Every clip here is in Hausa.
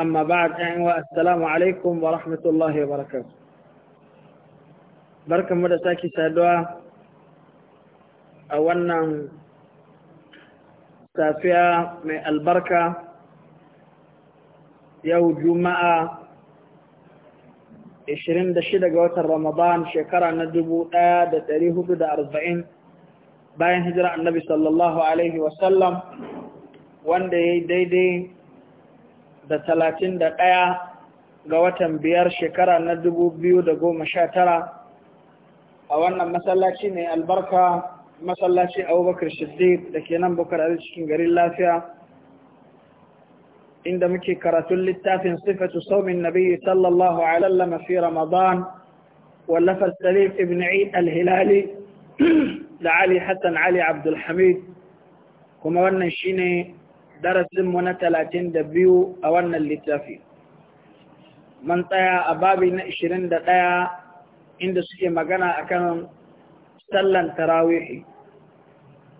أما بعد السلام عليكم ورحمة الله وبركاته بركة مدى ساكي سادوا أولا safiya mai albarka yau juma'a 26 ga watan ramadan shekara na arba'in bayan hijira annabi sallallahu alaihi wasallam wanda ya yi daidai da talatin da ɗaya ga watan biyar shekara na dubu biyu da goma sha tara a wannan masallaci ne albarka masallaci abubakar shiddiq da ke nan bukar cikin garin lafiya inda muke karatun littafin sifatu saumin nabi sallallahu alallama fi ramadan ibn eid al-hilali da ali hassan ali abdulhamid kuma wannan shine darasinmu na talatin da biyu a wannan littafi. Man tsaya a babi na ishirin da ɗaya inda suke magana a kan sallan tarawihi,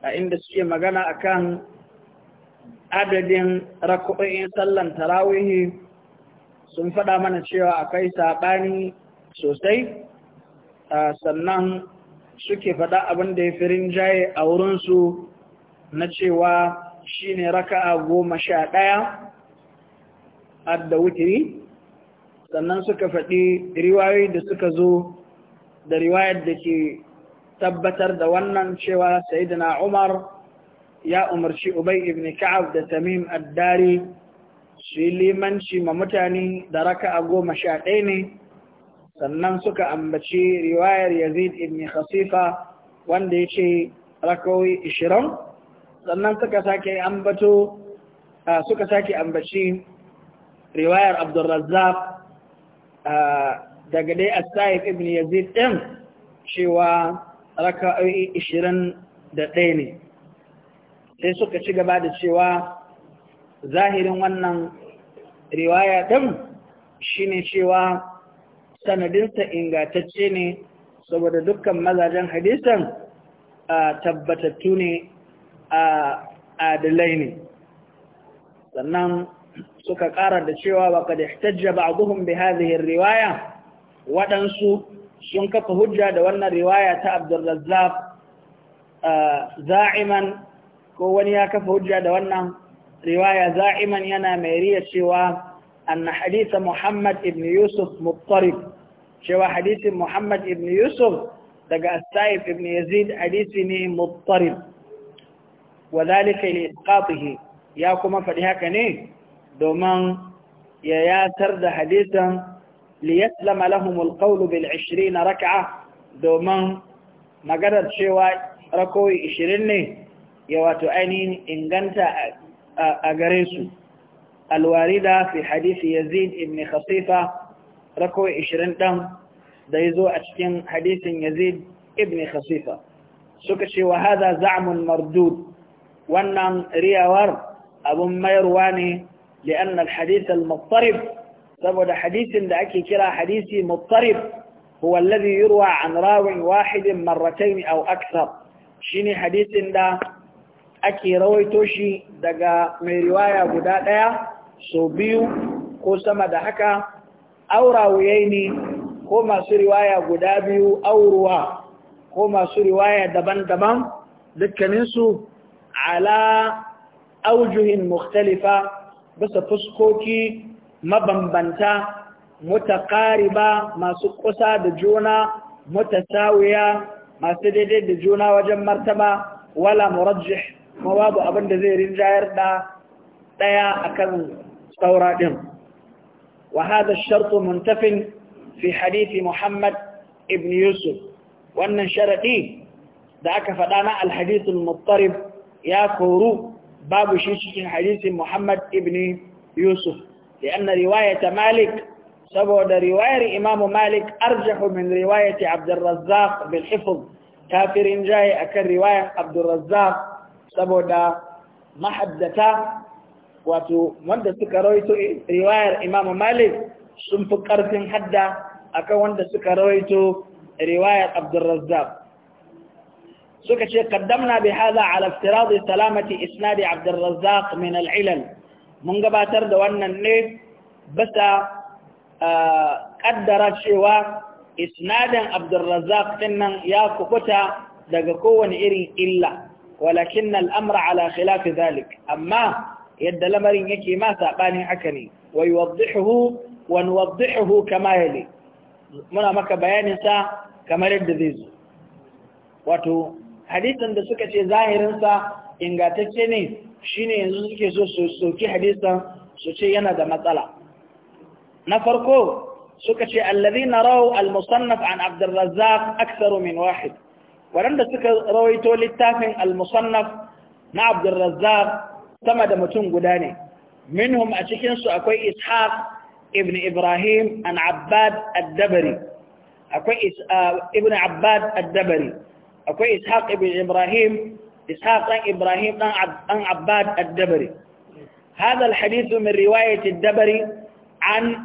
a inda suke magana a kan adadin rakuɗin sallan tarawihi sun faɗa mana cewa akwai saɓani sosai, sannan suke faɗa abin da ya firin jaye a wurinsu na cewa Shi ne raka a goma sha ɗaya adda wutiri sannan suka faɗi riwayoyi da suka zo da riwayar da ke tabbatar da wannan cewa sayyidina umar ya umarci ubay ibn ka'ab da tamim addari su yi limanci ma mutane da raka a goma sha ɗaya ne sannan suka ambaci riwayar yazid ibn khasifa wanda ya ce rakawai ishirin sannan suka sake ambato suka sake ambaci riwayar abdurrazzab daga dai as said ibn yazid din cewa raka'o'i 21 ne sai suka ci gaba da cewa zahirin wannan riwaya din shine cewa sanadinsa ingatacce ne saboda dukkan mazajen hadisan tabbatattu ne adalai ne sannan suka ƙara da cewa ba ka da hitajja ba a bi hazihin riwaya waɗansu sun kafa hujja da wannan riwaya ta abdurrazzab za'iman ko wani ya kafa hujja da wannan riwaya za'iman yana mai riya cewa anna hadisa muhammad ibn yusuf muttarib cewa hadisin muhammad ibn yusuf daga astaif ibn yazid hadisi ne muttarib wa zalika li isqatihi ya kuma faɗi haka ne domin ya yatar da hadisan li yaslama lahum alqawlu bil 20 rak'a domin maganar cewa rakowi 20 ne ya wato ainihin inganta a gare su alwarida fi hadisi yazid ibn khasifa rakowi 20 dan da yazo a cikin hadisin yazid ibn khasifa suka ce wa hada za'mun mardud wannan riyawar abun mayarwa ne li'an al-hadith al-muttarib saboda hadisin da ake kira hadisi muttarib huwa alladhi yurwa an rawin wahidin marratayn aw akthar shine hadisin da ake rawaito shi daga mai riwaya guda daya so biyu ko sama da haka aurawuyai ne ko masu riwaya guda biyu ruwa ko masu riwaya daban-daban dukkaninsu على أوجه مختلفة بس فسكوكي مبنبنتا متقاربة ما سقسا دجونا متساوية ما سدد دجونا وجم مرتبة ولا مرجح مواب أبن دزير جاير دا ديا أكل ثوراتهم وهذا الشرط منتف في حديث محمد ابن يوسف وأن شرطي دعك فدانا الحديث المضطرب ya koru babu shi cikin hadisin Muhammad ibn Yusuf lianna riwayata Malik saboda riwayar Imam Malik arjahu min riwayati Abd al-Razzaq ta hifz kafirin jayi akan riwayar Abd al saboda mahaddata wanda suka rawaito riwayar Imam Malik sun fi karfin hadda akan wanda suka rawaito riwayar Abd suka ce kaddamna bi hadha ala iftiradi salamati isnadi abd arrazzaq min al-ilal mun gabatar da wannan ne bisa kaddara cewa isnadin abd arrazzaq nan ya kukuta daga kowane irin illa walakin al-amra ala khilaf dhalik amma yadda lamarin yake ma sabanin haka ne wa yuwaddihu wa nuwaddihu kama yali muna maka bayanin sa kamar yadda zai zo wato hadisin da suka ce zahirinsa ingatacce ne shine yanzu suke so su soki hadisin su ce yana da matsala na farko suka ce allazina rawu al-musannaf an abdurrazzaq aksaru min wahid waɗanda suka rawaito littafin al-musannaf na abdurrazzaq sama da mutum guda ne minhum a cikinsu akwai ishaq ibn ibrahim an abbad ad-dabari akwai uh, ibn abbad ad-dabari أكوي إسحاق ابن إبراهيم إسحاق إبراهيم أن عباد الدبري هذا الحديث من رواية الدبري عن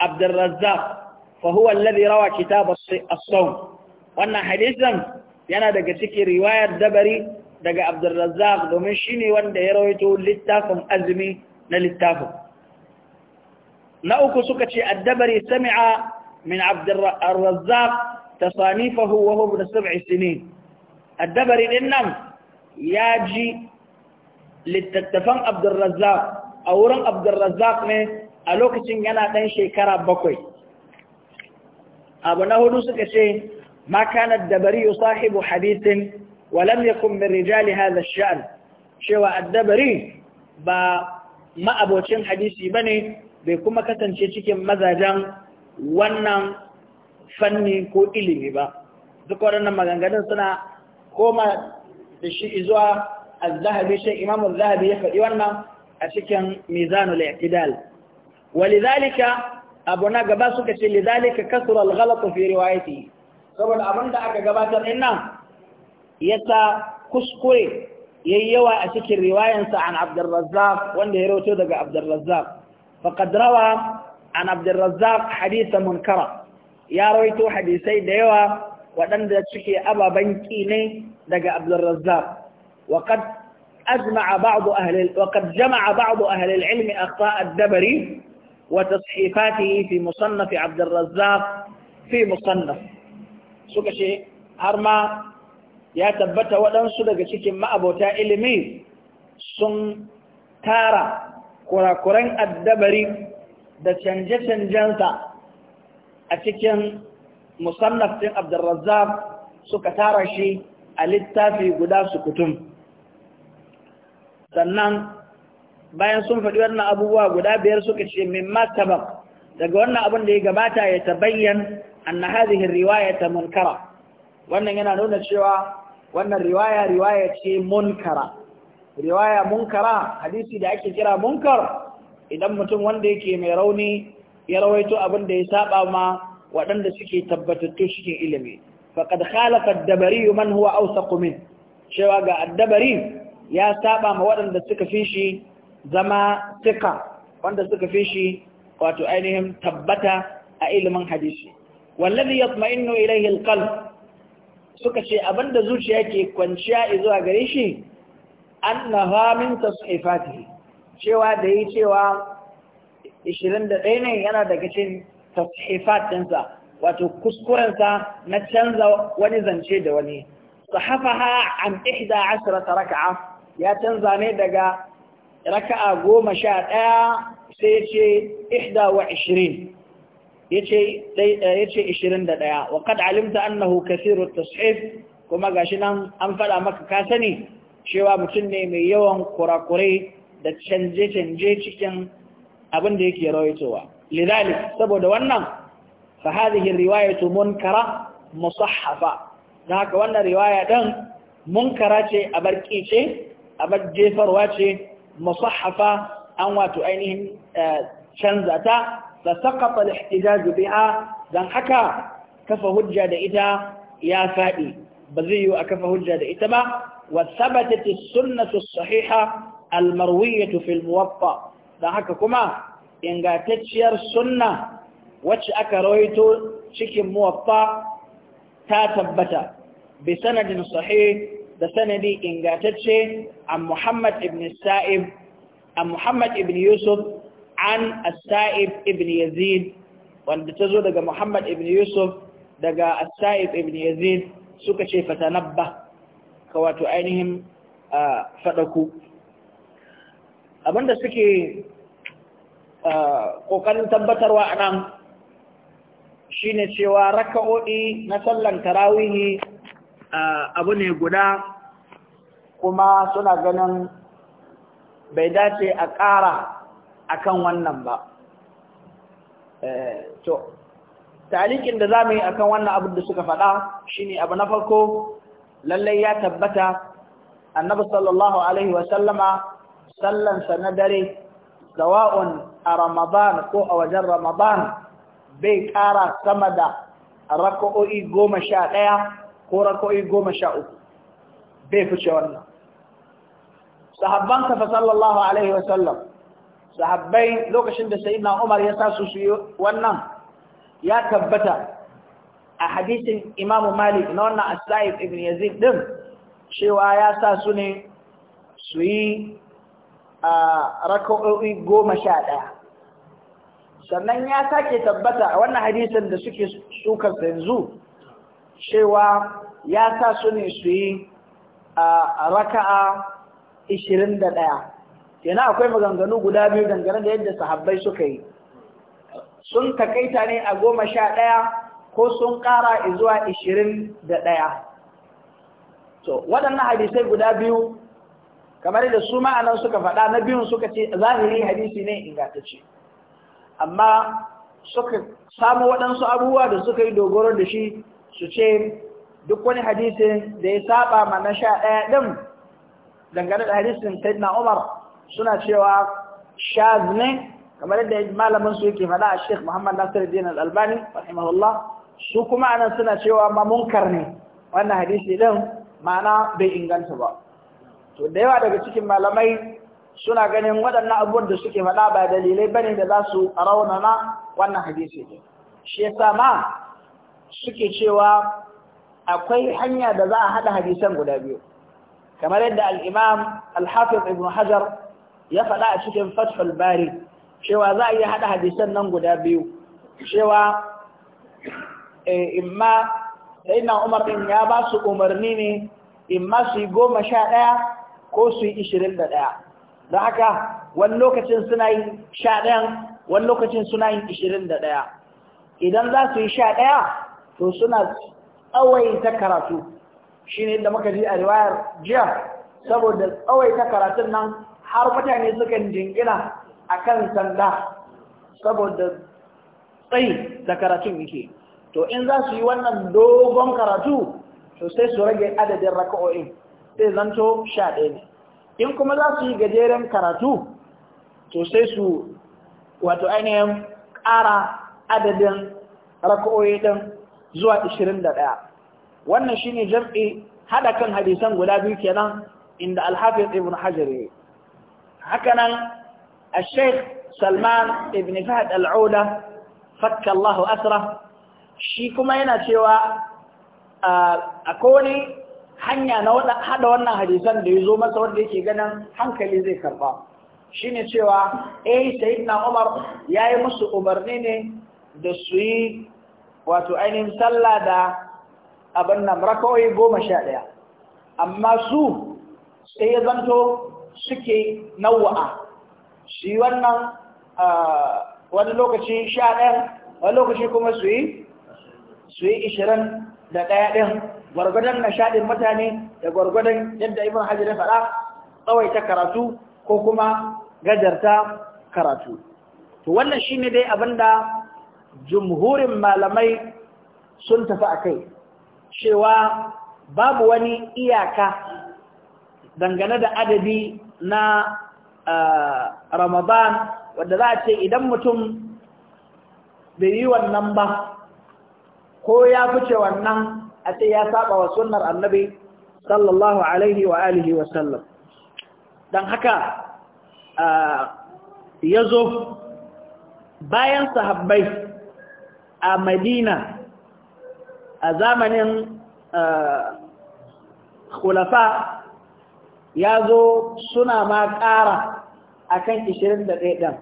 عبد الرزاق فهو الذي روى كتاب الصوم وأن حديثا أنا تكي رواية الدبري دق عبد الرزاق دمشيني وان دي رويته للتافم أزمي للتافم نأكو سكتي الدبري سمع من عبد الرزاق تصانيفه وهو من سبع سنين addabari din nan ya ji littattafan abdurrazzaq a wurin abdurrazzaq ne a lokacin yana ɗan shekara bakwai abu na hudu suka ce ma kana dabari yusahibu hadithin wa lam yakun min rijali hadha ash-sha'n cewa addabari ba ma'abocin hadisi ne, bai kuma kasance cikin mazajen wannan fanni ko ilimi ba duk waɗannan maganganun suna koma da shi zuwa al-zahabi shi imam al-zahabi ya faɗi wannan a cikin mizanul i'tidal walidhalika abu na gaba suka ce lizalika kasura al-ghalat fi riwayati saboda da aka gabatar din nan yasa kuskure yayi yawa a cikin riwayansa an Abdurrazzaq wanda ya rawaito daga Abdurrazzaq faqad rawa an Abdurrazzaq hadithan munkara ya rawaito hadisai da yawa waɗanda suke ababen ƙi ne daga Abdulrazzaq وقد أجمع بعض أهل وقد جمع بعض أهل العلم أخطاء الدبري وتصحيفاته في مصنف عبد الرزاق في مصنف سكشي هرما يا تبت ودن سدق شكم ما أبوتا إلمي سن تارا كورا كورين الدبري da canje-canjensa a cikin musannaf din suka tara shi a littafi guda su kutum sannan bayan sun faɗi wannan abubuwa guda biyar suka ce min matabak daga wannan abin da ya gabata ya tabayyan anna hadhihi riwayata munkara wannan yana nuna cewa wannan riwaya riwaya ce munkara riwaya munkara hadisi da ake kira munkar idan mutum wanda yake mai rauni ya rawaito abin da ya saba ma waɗanda suke tabbatattu cikin ilimi faqad khalafa ad-dabari man huwa min cewa ga ad-dabari ya saba ma waɗanda suka fi shi zama tika wanda suka fi shi wato ainihin tabbata a ilimin hadisi wallazi yatma'innu ilayhi al-qalb suka ce abinda zuciya ke kwanciya zuwa gare shi annaha min tasifatihi cewa da yi cewa 21 ne yana daga cikin tashifat ɗinsa wato kuskurensa na canza wani zance da wani sahafaha an ihda ashrata raka'a ya canza ne daga raka'a goma sha ɗaya sai ce ihda wa ishirin yace yace ishirin da ɗaya wa kad alimta annahu kathiru tashif kuma gashi nan an faɗa maka ka sani cewa mutum ne mai yawan kurakurai da canje-canje cikin abin da yake rawaitowa lilali saboda wannan fa hadhihi riwayatu munkara musahhafa dan haka wannan riwaya dan munkara ce a barki ce a musahhafa an wato ainihin canza ta fa saqata al-ihtijaj biha dan haka kafa hujja da ita ya fadi ba zai yi a kafa hujja da ita ba wa thabatat as-sunnah as-sahiha al-marwiyah fi al-muwatta dan haka kuma ingatacciyar sunna wacce aka rawaito cikin muwaffa ta tabbata bi sanadin sahih da sanadi ingatacce a Muhammad ibn Sa'ib a Muhammad ibn Yusuf an saib ibn Yazid wanda tazo daga Muhammad ibn Yusuf daga saib ibn Yazid suka ce fatanabba ka wato ainihin ah, fadaku abinda suke ƙoƙarin tabbatarwa a nan shi ne cewa raka'o'i na sallan tarawihi abu ne guda kuma suna ganin bai dace a ƙara a kan wannan ba eh, to talikin da za mu yi a kan wannan abin da suka faɗa shi ne abu na farko lallai ya tabbata annabi sallallahu alaihi wasallama sallansa na dare سواء رمضان او اجر رمضان بكارا سمدا ركوعي 11 كو ركوعي 13 بيفشي ولا صحابان صلى الله عليه وسلم صحابين لوكشن ده سيدنا عمر يتاسوسي ونن يا ثبتا احاديث امام مالك نونا السائب ابن يزيد دم شيوا يا تاسوني سوي a raka'o'i goma sha ɗaya sannan ya sake tabbata a wannan hadisin da suke sukar yanzu cewa ya sa su ne su yi a raka'a ishirin da ɗaya yana akwai maganganu guda biyu dangane da yadda sahabbai suka yi sun takaita ne a goma sha ɗaya ko sun ƙara zuwa ishirin da ɗaya to waɗannan hadisai guda biyu kamar da su ma'anar suka faɗa na biyun suka ce zahiri hadisi ne ingantacce amma suka samu waɗansu abubuwa da suka yi dogoro da shi su ce duk wani hadisi da ya saba ma na sha ɗaya ɗin dangane da hadisin na umar suna cewa shaz ne kamar yadda malamin su yake faɗa a sheikh muhammad nasir din albani rahimahullah su kuma anan suna cewa ma munkar ne wannan hadisi ɗin ma'ana bai inganta ba to da yawa daga cikin malamai suna ganin waɗannan abubuwan da suke faɗa ba dalilai bane da za su raunana wannan hadisi shi yasa ma suke cewa akwai hanya da za a haɗa hadisan guda biyu kamar yadda al-Imam al-Hafiz Ibn Hajar ya faɗa a cikin Fathul Bari cewa za a iya haɗa hadisan nan guda biyu cewa eh, imma sayyidina Umar din ya ba su umarni ne imma su yi goma sha ɗaya ko su yi ishirin da ɗaya don haka wani lokacin suna yin sha ɗayan wani lokacin suna yin ishirin da ɗaya idan za su yi sha ɗaya to suna tsawaita karatu shi ne da muka ji a riwayar jiya saboda tsawaita karatun nan har mutane suka jingina a kan sanda saboda tsayi da karatun yake to in za su yi wannan dogon karatu to sai su rage adadin raka'o'in zai zanto sha ɗaya ne in kuma za su yi gajeren karatu to sai su wato ainihin ƙara adadin raka'oyi ɗin zuwa ishirin da ɗaya wannan shine jam'i haɗa kan hadisan guda biyu kenan inda alhafiz ibn hajar yi hakanan الشيخ salman ابن فهد العودة فك الله asra shi kuma yana cewa a kone hanya na hada wannan hadisan da ya zo masa wanda yake ganin hankali zai karba ne cewa eh na Umar ya yi musu umarni ne da su yi wato ainihin sallah da abin nan rakawai goma sha ɗaya amma su sai ya zanto suke nawa'a su yi wannan wani lokaci sha ɗaya wani lokaci kuma su yi su yi ishirin da ɗaya ɗin gwargwadon nishaɗin mutane da gwargwadon yadda ibn hajji ya faɗa ta karatu ko kuma gajarta karatu to wannan shine dai da jumhurin malamai sun tafi a kai cewa babu wani iyaka dangane da adabi na ramadan wadda za a ce idan mutum bai yi wannan ba ko ya fice wannan a ce ya saba wa sunnar annabi sallallahu alaihi wa alihi wa sallam dan haka ya zo bayan sahabbai a madina a zamanin kulafa ya zo suna ma ƙara a kan 21 ɗin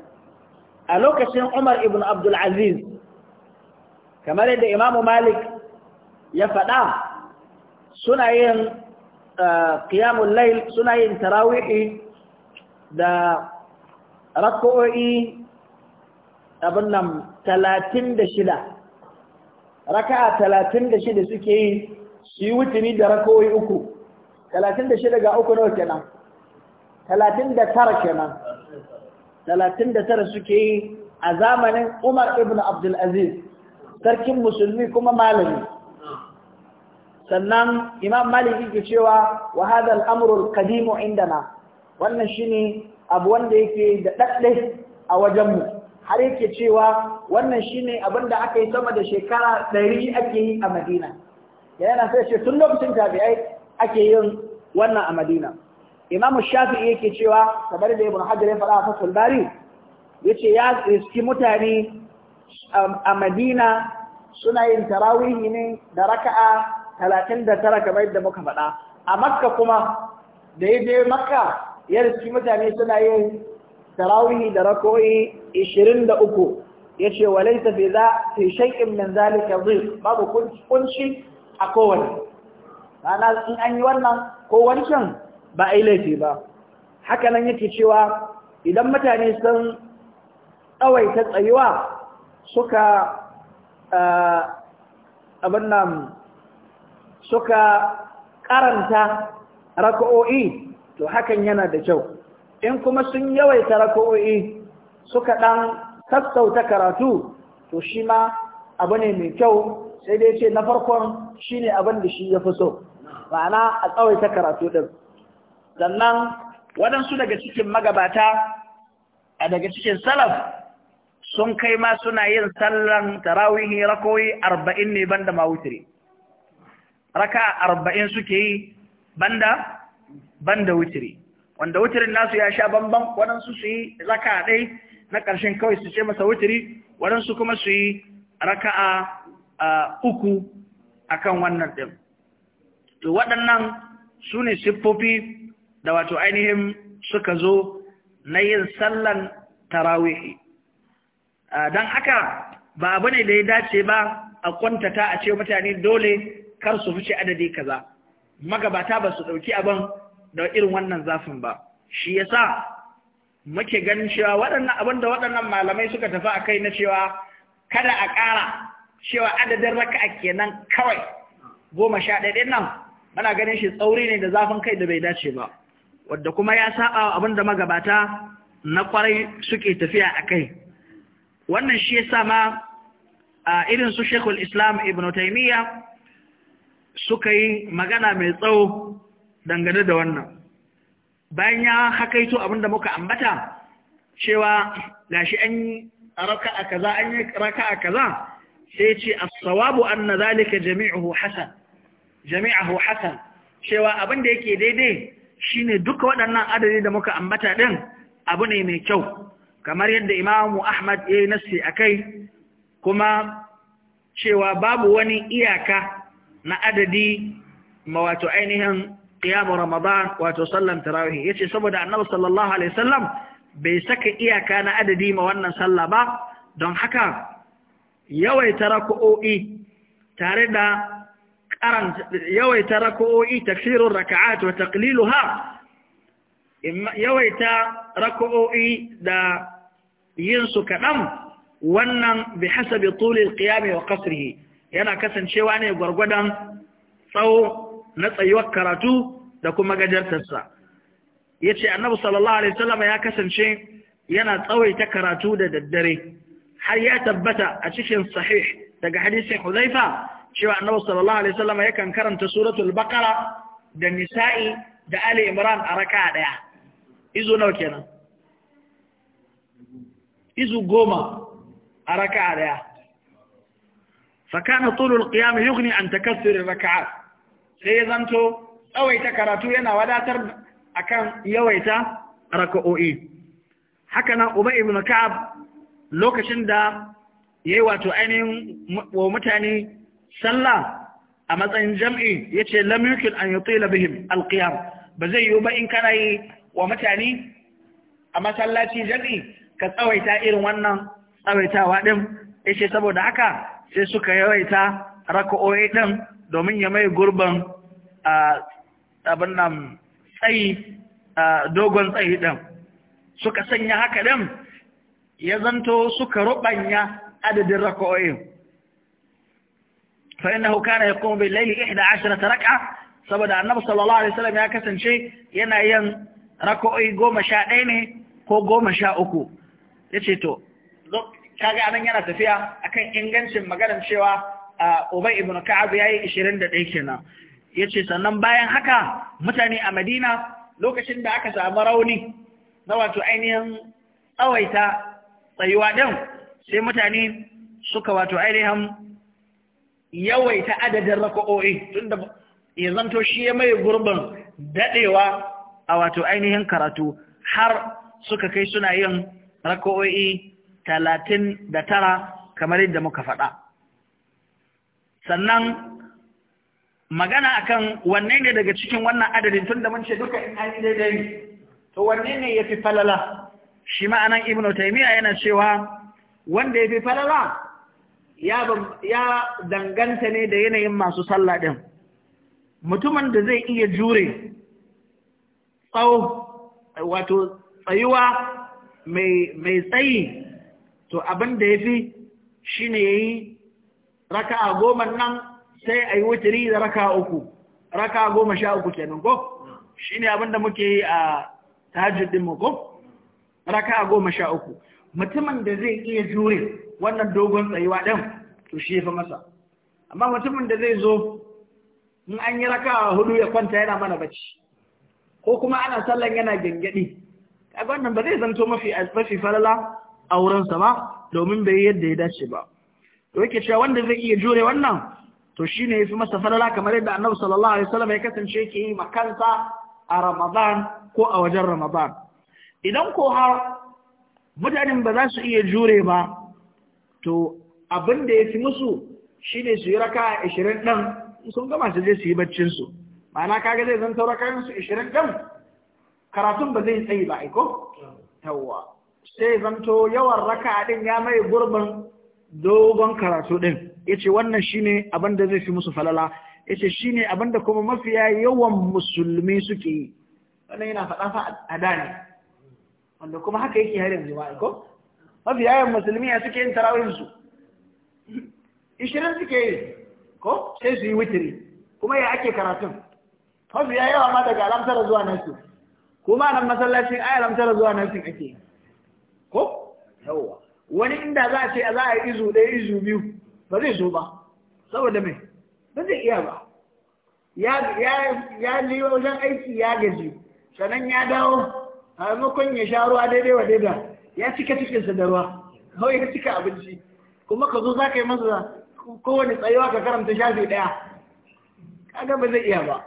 a lokacin umar ibn abdulaziz kamar yadda imamu malik ya faɗa suna yin ƙiyamun eh, lail suna yin tarawihi da rako'o'i abin nan talatin da shida raka'a talatin da shida suke yi su yi wutumi da rako'o'i uku talatin da shida ga uku nawa kenan talatin da tara kenan talatin da tara suke yi a zamanin umar ibn abdulaziz sarkin musulmi kuma malami sannan imam malik yake cewa wa hadha indana wannan shine abu wanda yake da dadde a wajenmu. mu har yake cewa wannan shine abin da aka yi sama da shekara ɗari ake yi a Madina yana sai ce tun lokacin tabi'ai ake yin wannan a Madina imam shafi'i yake cewa kamar da ibn hajar ya faɗa a fasul bari yace ya riski mutane um, a Madina suna yin tarawihi ne da raka'a talatin da tara kamar yadda muka faɗa a makka kuma da ya je makka yadda su mutane suna yin tarawihi da rakoyi ishirin da uku ya ce wa laisa fi za su shay'in min zalika zai babu kunci a kowane rana in an yi wannan ko wancan ba a yi laifi ba haka nan yake cewa idan mutane sun tsawaita tsayuwa suka eh, abin nan suka karanta raka'o'i to hakan yana da kyau in kuma sun yawaita raka'o'i suka ɗan sassauta karatu to shi ma abu ne mai kyau sai dai ce na farkon shi ne abin da shi ya fi so ma'ana a tsawaita karatu ɗin sannan waɗansu daga cikin magabata a daga cikin salaf sun kai ma suna yin sallan tarawihi rakoyi arba'in ne banda mawutiri raka arba'in suke yi banda banda wutiri wanda wutirin nasu ya sha banban waɗansu su yi raka ɗai na ƙarshen kawai su ce masa wutiri waɗansu kuma su yi raka'a uku akan wannan ɗin to waɗannan su ne siffofi da wato ainihin suka zo na yin sallan tarawihi don haka ba abu ne da ya dace ba a kwantata a ce mutane dole kar su fice adadi kaza magabata ba su ɗauki abin da irin wannan zafin ba shi yasa muke ganin cewa waɗannan abin da waɗannan malamai suka tafi akai na cewa kada a ƙara cewa adadin raka'a kenan kawai goma sha ɗaya nan muna ganin shi tsauri ne da zafin kai da bai dace ba wadda kuma ya saba abin da magabata na kwarai suke tafiya akai wannan shi yasa ma a irin su Sheikhul Islam Ibn Taymiyyah suka yi magana mai tsawo dangane da wannan bayan ya hakaito abinda muka ambata cewa gashi an yi raka a kaza an yi raka a kaza sai ce as-sawabu anna zalika jami'uhu hasan jami'uhu hasan cewa abinda yake daidai shine duka waɗannan adadi da muka ambata din abu ne mai kyau kamar yadda imamu ahmad ya yi a akai kuma cewa babu wani iyaka na adadi ma wato ainihin qiyamu ramadan wato sallan tarawih yace saboda annabi sallallahu alaihi wasallam bai saka iyaka na adadi ma wannan sallah ba don haka yawaita rak'o'i tare da karanta yawaita rak'o'i takfirur rak'at wa taqliluha yawaita rak'o'i da yin su kadan wannan bi hasabi tuli al-qiyam wa qasrihi yana kasancewa ne gwargwadon tsawo na tsayuwar karatu da kuma gajartarsa ya ce annabu sallallahu alaihi wasallam ya kasance yana tsawaita karatu da daddare har ya tabbata a cikin sahih daga hadisin huzaifa cewa annabu sallallahu alaihi wasallam yakan karanta suratul baqara da nisa'i da ali imran a raka daya izo nawa kenan izu goma a raka daya fakana tulul qiyam yughni an takassur rak'at sai ya zanto tsawaita karatu yana wadatar akan yawaita raka'o'i haka nan uba ibn ka'ab lokacin da yayi wato ainihin wa mutane sallah a matsayin jam'i yace lam yukil an yutila bihim alqiyam ba zai yi ba in kana yi wa mutane a masallaci jam'i ka tsawaita irin wannan tsawaitawa din yace saboda haka sai suka yawaita raka'o'i ɗin domin ya mai gurban abin nan tsayi dogon tsayi ɗin suka sanya haka ɗin ya zanto suka ruɓanya adadin raka'o'in فإنه كان يقوم بالليل إحدى عشرة ركعة saboda annabi sallallahu alaihi wasallam ya kasance yana yin raka'o'i goma sha ɗaya ne ko goma sha uku ya ce to kaga anan yana tafiya akan ingancin maganar cewa Ubay ibn Ka'ab yayi 21 kenan yace sannan bayan haka mutane a Madina lokacin da aka samu rauni na wato ainihin tsawaita tsayuwa din sai mutane suka wato ainihin yawaita adadin raka'o'i tunda ya zanto shi ya mai gurbin dadewa a wato ainihin karatu har suka kai suna yin raka'o'i talatin da tara kamar yadda muka faɗa sannan magana akan wanne ne daga cikin wannan adadin tun da mun ce duka in an daidai ne to wanne ne ya fi falala shi ma'anan ibn taymiya yana cewa wanda ya fi falala ya danganta ne da yanayin masu sallah ɗin mutumin da zai iya jure tsawo wato tsayuwa mai tsayi to abin da ya fi shi ne ya yi raka a goma nan sai a yi wuturi da raka uku raka goma sha uku ke nan ko shi ne abin da muke yi a tahajjudinmu ko raka goma sha uku mutumin da zai iya jure wannan dogon tsayuwa ɗin to shi ya fi masa amma mutumin da zai zo in an yi raka hudu ya kwanta yana mana bacci ko kuma ana sallan yana gyangyaɗi kaga wannan ba zai zanto mafi falala aurensa ba domin bai yadda ya dace ba to yake cewa wanda zai iya jure wannan to shine yafi masa falala kamar yadda Annabi sallallahu alaihi wasallam ya kasance yake yi makansa a Ramadan ko a wajen Ramadan idan ko har mutanen ba za su iya jure ba to abin da fi musu shine su yi raka 20 din sun gama su je su yi baccin su ma'ana kaga zai zan sauraka su 20 dan? karatun ba zai tsayi ba aiko yawwa sai zanto yawan raka din ya mai gurbin dogon karatu din ce wannan shine abin da zai fi musu falala shi shine abin da kuma mafiya yawan musulmi suke yi wannan yana faɗa fa da ne wanda kuma haka yake har yanzu ba ko mafiya yawan musulmi ya suke yin tarawih su 20 suke yi ko sai su yi witiri kuma ya ake karatun mafiya yawa ma daga alamtar zuwa nasu kuma nan masallacin ai alamtar zuwa nasu ake yi ko yawa wani inda za a ce za a yi izu ɗaya izu biyu ba zai zo ba saboda mai ba zai iya ba ya je wajen aiki ya gaji sannan ya dawo a makon ya sha ruwa daidai wa daidai ya cika cikin da ruwa kawai ya cika abinci kuma ka zo za ka yi masa kowane tsayuwa ka karanta shafi ɗaya kaga ba zai iya ba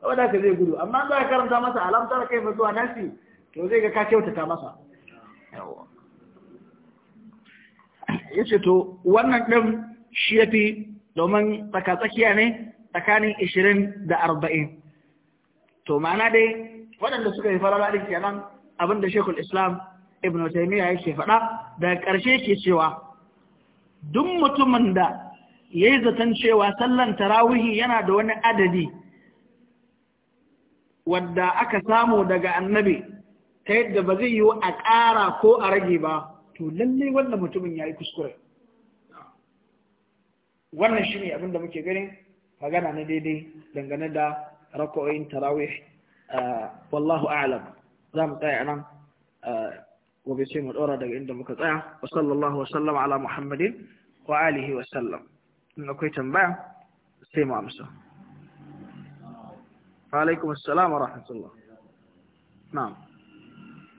saboda ka zai gudu amma za ka karanta masa alamtar kai fasuwa nasi to zai ga ka kyautata masa yace to wannan ɗin shi ya fi domin tsakatsakiya ne tsakanin ishirin da arba'in to ma'ana dai waɗanda suka yi farawa ɗin kenan abinda shekul islam ibn taimiyya yake faɗa Da ƙarshe ke cewa duk mutumin da ya yi zaton cewa sallan tarawihi yana da wani adadi wadda aka samu daga annabi ta yadda ba zai yiwu a ƙara ko a rage ba to lallai wannan mutumin ya yi kuskure wannan shi ne abinda muke ganin magana na daidai dangane da rako'in tarawih eh, wallahu a'lam za mu tsaya nan eh, gobe sai mu ɗora daga inda muka tsaya wa sallallahu wa sallam ala muhammadin wa alihi wa sallam in akwai tambaya sai mu amsa alaikum assalam wa rahmatullah na'am